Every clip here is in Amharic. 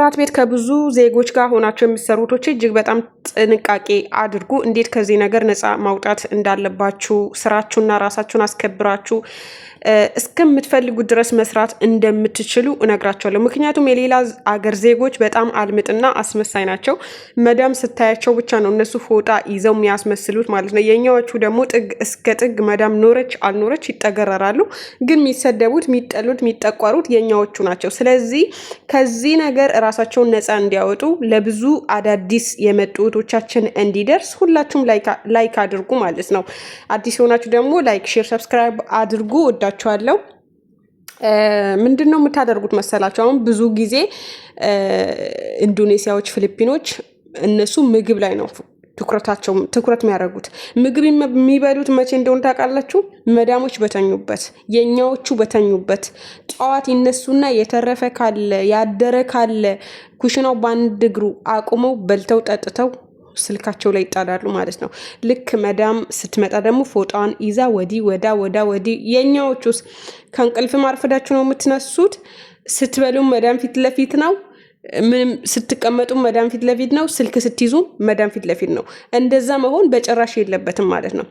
በጥራት ቤት ከብዙ ዜጎች ጋር ሆናቸው የሚሰሩቶች እጅግ በጣም ጥንቃቄ አድርጉ። እንዴት ከዚህ ነገር ነፃ ማውጣት እንዳለባችሁ ስራችሁና ራሳችሁን አስከብራችሁ እስከምትፈልጉ ድረስ መስራት እንደምትችሉ እነግራቸዋለሁ። ምክንያቱም የሌላ አገር ዜጎች በጣም አልምጥና አስመሳይ ናቸው። መዳም ስታያቸው ብቻ ነው እነሱ ፎጣ ይዘው የሚያስመስሉት ማለት ነው። የኛዎቹ ደግሞ ጥግ እስከ ጥግ መዳም ኖረች አልኖረች ይጠገረራሉ። ግን የሚሰደቡት፣ የሚጠሉት፣ የሚጠቋሩት የኛዎቹ ናቸው። ስለዚህ ከዚህ ነገር ራሳቸውን ነፃ እንዲያወጡ ለብዙ አዳዲስ የመጡ ቻችን እንዲደርስ ሁላችሁም ላይክ አድርጉ ማለት ነው። አዲስ የሆናችሁ ደግሞ ላይክ፣ ሼር፣ ሰብስክራይብ አድርጉ። እወዳችኋለሁ። ምንድን ነው የምታደርጉት መሰላችሁ? አሁን ብዙ ጊዜ ኢንዶኔሲያዎች፣ ፊሊፒኖች እነሱ ምግብ ላይ ነው ትኩረታቸው ትኩረት የሚያደርጉት ምግብ የሚበሉት መቼ እንደሆነ ታውቃላችሁ? መዳሞች በተኙበት የእኛዎቹ በተኙበት ጠዋት ይነሱና የተረፈ ካለ ያደረ ካለ ኩሽናው በአንድ እግሩ አቁመው በልተው ጠጥተው ስልካቸው ላይ ይጣዳሉ ማለት ነው። ልክ መዳም ስትመጣ ደግሞ ፎጣን ይዛ ወዲህ ወዳ ወዳ ወዲህ። የእኛዎቹስ ከእንቅልፍ ማርፈዳችሁ ነው የምትነሱት። ስትበሉም መዳም ፊት ለፊት ነው ምንም ስትቀመጡ መዳም ፊት ለፊት ነው። ስልክ ስትይዙ መዳም ፊት ለፊት ነው። እንደዛ መሆን በጭራሽ የለበትም ማለት ነው።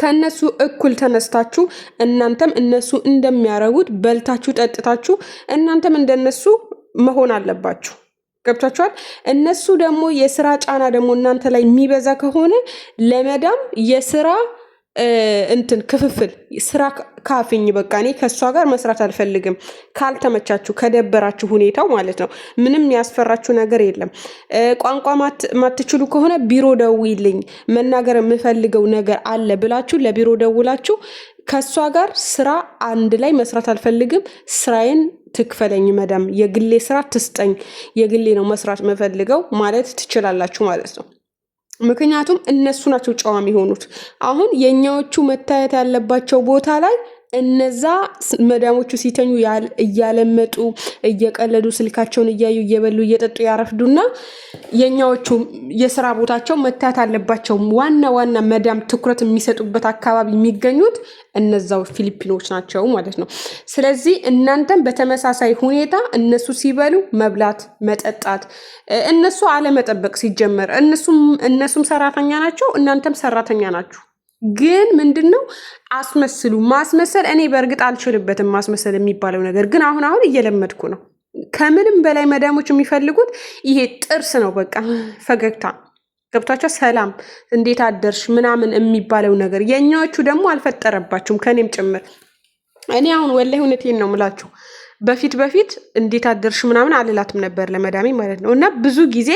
ከእነሱ እኩል ተነስታችሁ እናንተም እነሱ እንደሚያረጉት በልታችሁ ጠጥታችሁ እናንተም እንደነሱ መሆን አለባችሁ። ገብቻችኋል። እነሱ ደግሞ የስራ ጫና ደግሞ እናንተ ላይ የሚበዛ ከሆነ ለመዳም የስራ እንትን ክፍፍል ስራ ካፍኝ በቃ እኔ ከእሷ ጋር መስራት አልፈልግም፣ ካልተመቻችሁ፣ ከደበራችሁ ሁኔታው ማለት ነው። ምንም ያስፈራችሁ ነገር የለም። ቋንቋ ማትችሉ ከሆነ ቢሮ ደውይልኝ፣ መናገር የምፈልገው ነገር አለ ብላችሁ ለቢሮ ደውላችሁ ከእሷ ጋር ስራ አንድ ላይ መስራት አልፈልግም፣ ስራዬን ትክፈለኝ መደም፣ የግሌ ስራ ትስጠኝ፣ የግሌ ነው መስራት የምፈልገው ማለት ትችላላችሁ ማለት ነው። ምክንያቱም እነሱ ናቸው ጨዋ የሚሆኑት። አሁን የእኛዎቹ መታየት ያለባቸው ቦታ ላይ እነዛ መዳሞቹ ሲተኙ እያለመጡ እየቀለዱ ስልካቸውን እያዩ እየበሉ እየጠጡ ያረፍዱና የእኛዎቹ የስራ ቦታቸው መታየት አለባቸውም። ዋና ዋና መዳም ትኩረት የሚሰጡበት አካባቢ የሚገኙት እነዛው ፊሊፒኖች ናቸው ማለት ነው። ስለዚህ እናንተም በተመሳሳይ ሁኔታ እነሱ ሲበሉ መብላት፣ መጠጣት እነሱ አለመጠበቅ ሲጀመር እነሱም ሰራተኛ ናቸው፣ እናንተም ሰራተኛ ናችሁ። ግን ምንድን ነው አስመስሉ ማስመሰል እኔ በእርግጥ አልችልበትም ማስመሰል የሚባለው ነገር ግን አሁን አሁን እየለመድኩ ነው ከምንም በላይ መዳሞች የሚፈልጉት ይሄ ጥርስ ነው በቃ ፈገግታ ገብቷቸው ሰላም እንዴት አደርሽ ምናምን የሚባለው ነገር የእኛዎቹ ደግሞ አልፈጠረባችሁም ከእኔም ጭምር እኔ አሁን ወላሂ እውነቴን ነው የምላችሁ በፊት በፊት እንዴት አደርሽ ምናምን አልላትም ነበር ለመዳሜ ማለት ነው እና ብዙ ጊዜ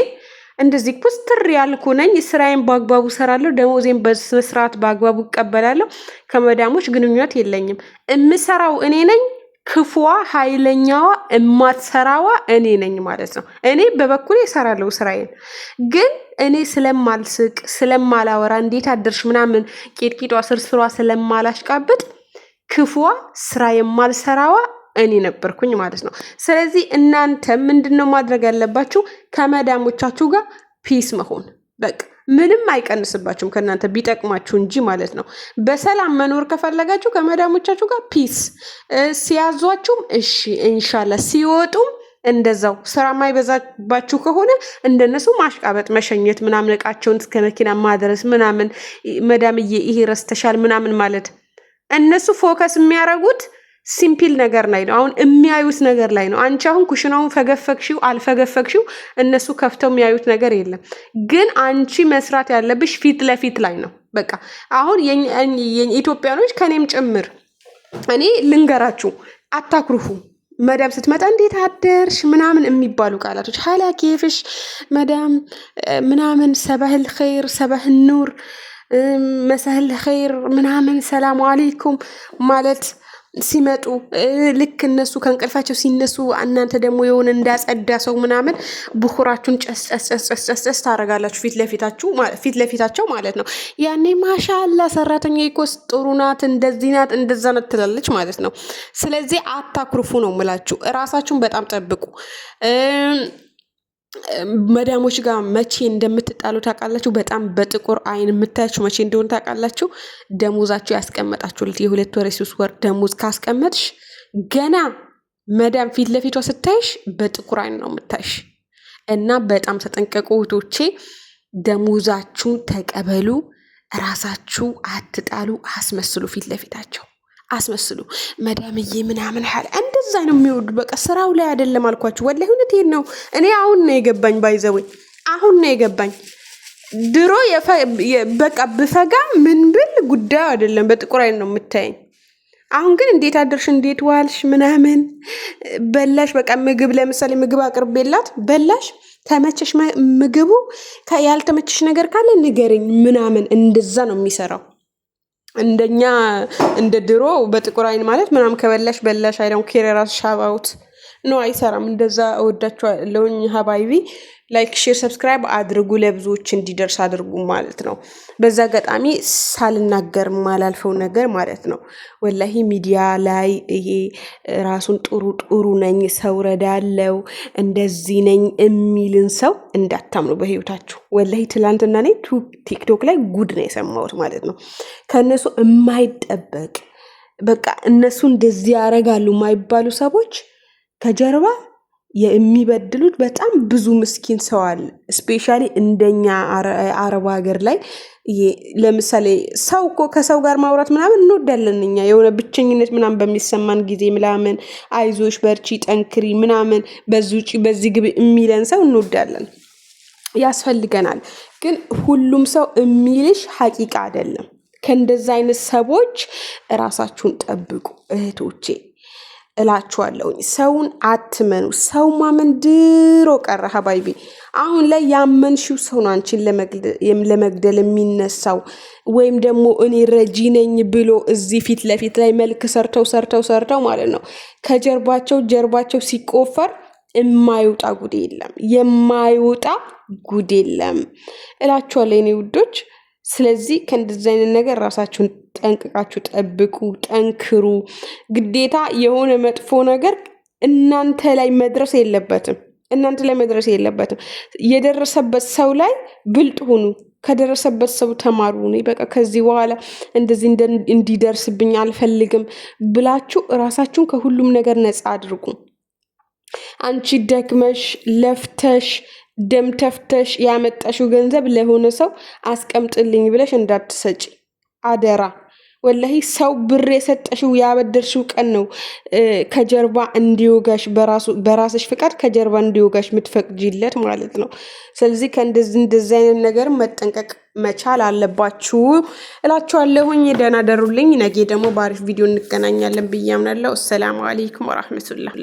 እንደዚህ ኩስትር ያልኩ ነኝ። ስራዬን በአግባቡ ሰራለሁ። ደሞዜን በስነስርዓት በአግባቡ እቀበላለሁ። ከመዳሞች ግንኙነት የለኝም። እምሰራው እኔ ነኝ። ክፉዋ፣ ኃይለኛዋ፣ እማትሰራዋ እኔ ነኝ ማለት ነው። እኔ በበኩሌ እሰራለሁ ስራዬን። ግን እኔ ስለማልስቅ ስለማላወራ፣ እንዴት አደርሽ ምናምን ቂጥቂጧ ስርስሯ ስለማላሽቃብጥ ክፉዋ፣ ስራ የማልሰራዋ እኔ ነበርኩኝ ማለት ነው። ስለዚህ እናንተ ምንድን ነው ማድረግ ያለባችሁ? ከመዳሞቻችሁ ጋር ፒስ መሆን በቃ ምንም አይቀንስባችሁም ከእናንተ ቢጠቅማችሁ እንጂ ማለት ነው። በሰላም መኖር ከፈለጋችሁ ከመዳሞቻችሁ ጋር ፒስ፣ ሲያዟችሁም እሺ እንሻላ፣ ሲወጡም እንደዛው። ስራ ማይበዛባችሁ ከሆነ እንደነሱ ማሽቃበጥ፣ መሸኘት ምናምን፣ እቃቸውን እስከ መኪና ማድረስ ምናምን፣ መዳምዬ ይሄ ረስተሻል ምናምን ማለት እነሱ ፎከስ የሚያደርጉት ሲምፕል ነገር ላይ ነው። አሁን የሚያዩት ነገር ላይ ነው። አንቺ አሁን ኩሽናውን ፈገፈግሽው አልፈገፈግሽው እነሱ ከፍተው የሚያዩት ነገር የለም። ግን አንቺ መስራት ያለብሽ ፊት ለፊት ላይ ነው። በቃ አሁን ኢትዮጵያኖች ከኔም ጭምር እኔ ልንገራችሁ፣ አታኩርፉ። መዳም ስትመጣ እንዴት አደርሽ ምናምን የሚባሉ ቃላቶች ሀላ ኬፍሽ መዳም ምናምን ሰባህል ኸይር ሰባህል ኑር መሳህል ኸይር ምናምን ሰላሙ አሌይኩም ማለት ሲመጡ ልክ እነሱ ከእንቅልፋቸው ሲነሱ እናንተ ደግሞ የሆነ እንዳጸዳ ሰው ምናምን ብኩራችሁን ጨስጨስጨስጨስጨስ ታደርጋላችሁ ፊት ለፊታችሁ ፊት ለፊታቸው ማለት ነው። ያኔ ማሻላ ሰራተኛ ኮስ ጥሩ ናት፣ እንደዚህ ናት፣ እንደዛ ናት ትላለች ማለት ነው። ስለዚህ አታኩርፉ ነው የምላችሁ። እራሳችሁን በጣም ጠብቁ። መዳሞች ጋር መቼ እንደምትጣሉ ታውቃላችሁ። በጣም በጥቁር አይን የምታያችሁ መቼ እንደሆነ ታውቃላችሁ። ደሞዛችሁ ያስቀመጣችሁለት የሁለት ወር የሶስት ወር ደሞዝ ካስቀመጥሽ ገና መዳም ፊት ለፊቷ ስታይሽ በጥቁር አይን ነው የምታይሽ። እና በጣም ተጠንቀቁ እህቶቼ። ደሞዛችሁ ተቀበሉ። እራሳችሁ አትጣሉ፣ አስመስሉ ፊት ለፊታቸው አስመስሉ መዳምዬ ምናምን ሀል እንደዛ ነው የሚወዱ። በቃ ስራው ላይ አይደለም አልኳችሁ። ወላሂ እውነቴን ነው። እኔ አሁን ነው የገባኝ፣ ባይዘወይ አሁን ነው የገባኝ። ድሮ በቃ ብፈጋ ምን ብል ጉዳዩ አይደለም። በጥቁር አይን ነው የምታየኝ። አሁን ግን እንዴት አደርሽ፣ እንዴት ዋልሽ ምናምን በላሽ። በቃ ምግብ ለምሳሌ ምግብ አቅርቤላት በላሽ፣ ተመቸሽ ምግቡ፣ ያልተመቸሽ ነገር ካለ ንገርኝ ምናምን። እንደዛ ነው የሚሰራው። እንደኛ እንደ ድሮ በጥቁር አይን ማለት ምናምን ከበላሽ በላሽ አይደው ኬር ራስሽ አባውት ነው አይሰራም። እንደዛ እወዳችኋለሁኝ ሀባይቢ። ላይክ፣ ሼር፣ ሰብስክራይብ አድርጉ ለብዙዎች እንዲደርስ አድርጉ ማለት ነው። በዛ አጋጣሚ ሳልናገር ማላልፈው ነገር ማለት ነው ወላሂ ሚዲያ ላይ ይሄ ራሱን ጥሩ ጥሩ ነኝ ሰው ረዳለው እንደዚህ ነኝ የሚልን ሰው እንዳታምኑ በህይወታችሁ። ወላሂ ትላንትና ኔ ቲክቶክ ላይ ጉድ ነው የሰማሁት ማለት ነው ከእነሱ የማይጠበቅ በቃ እነሱ እንደዚህ ያደርጋሉ የማይባሉ ሰዎች ከጀርባ የሚበድሉት በጣም ብዙ ምስኪን ሰው አለ። ስፔሻሊ እንደኛ አረብ ሀገር ላይ ለምሳሌ ሰው እኮ ከሰው ጋር ማውራት ምናምን እንወዳለን እኛ የሆነ ብቸኝነት ምናምን በሚሰማን ጊዜ ምናምን አይዞሽ በርቺ ጠንክሪ ምናምን በዚህ ውጪ በዚህ ግብ የሚለን ሰው እንወዳለን ያስፈልገናል። ግን ሁሉም ሰው የሚልሽ ሀቂቃ አይደለም። ከእንደዚ አይነት ሰዎች ራሳችሁን ጠብቁ እህቶቼ። እላችኋለሁኝ ሰውን አትመኑ። ሰው ማመን ድሮ ቀረ ሀባይቢ። አሁን ላይ ያመንሽው ሰው ነው አንቺን ለመግደል የሚነሳው ወይም ደግሞ እኔ ረጂ ነኝ ብሎ እዚህ ፊት ለፊት ላይ መልክ ሰርተው ሰርተው ሰርተው ማለት ነው ከጀርባቸው ጀርባቸው ሲቆፈር የማይወጣ ጉድ የለም፣ የማይወጣ ጉድ የለም እላችኋለሁ ውዶች። ስለዚህ ከእንደዚህ አይነት ነገር ራሳችሁን ጠንቅቃችሁ ጠብቁ፣ ጠንክሩ። ግዴታ የሆነ መጥፎ ነገር እናንተ ላይ መድረስ የለበትም እናንተ ላይ መድረስ የለበትም። የደረሰበት ሰው ላይ ብልጥ ሁኑ፣ ከደረሰበት ሰው ተማሩ። እኔ በቃ ከዚህ በኋላ እንደዚህ እንዲደርስብኝ አልፈልግም ብላችሁ እራሳችሁን ከሁሉም ነገር ነፃ አድርጉ። አንቺ ደክመሽ ለፍተሽ ደም ተፍተሽ ያመጣሽው ገንዘብ ለሆነ ሰው አስቀምጥልኝ ብለሽ እንዳትሰጪ አደራ። ወላሂ ሰው ብር የሰጠሽው ያበደርሽው ቀን ነው ከጀርባ እንዲወጋሽ በራስሽ ፍቃድ ከጀርባ እንዲወጋሽ የምትፈቅጂለት ማለት ነው። ስለዚህ ከእንደዚህ እንደዚህ አይነት ነገር መጠንቀቅ መቻል አለባችሁ እላችኋለሁኝ። ደህና ደሩልኝ። ነጌ ደግሞ በአሪፍ ቪዲዮ እንገናኛለን ብዬ አምናለሁ። አሰላሙ አለይኩም ወራህመቱላህ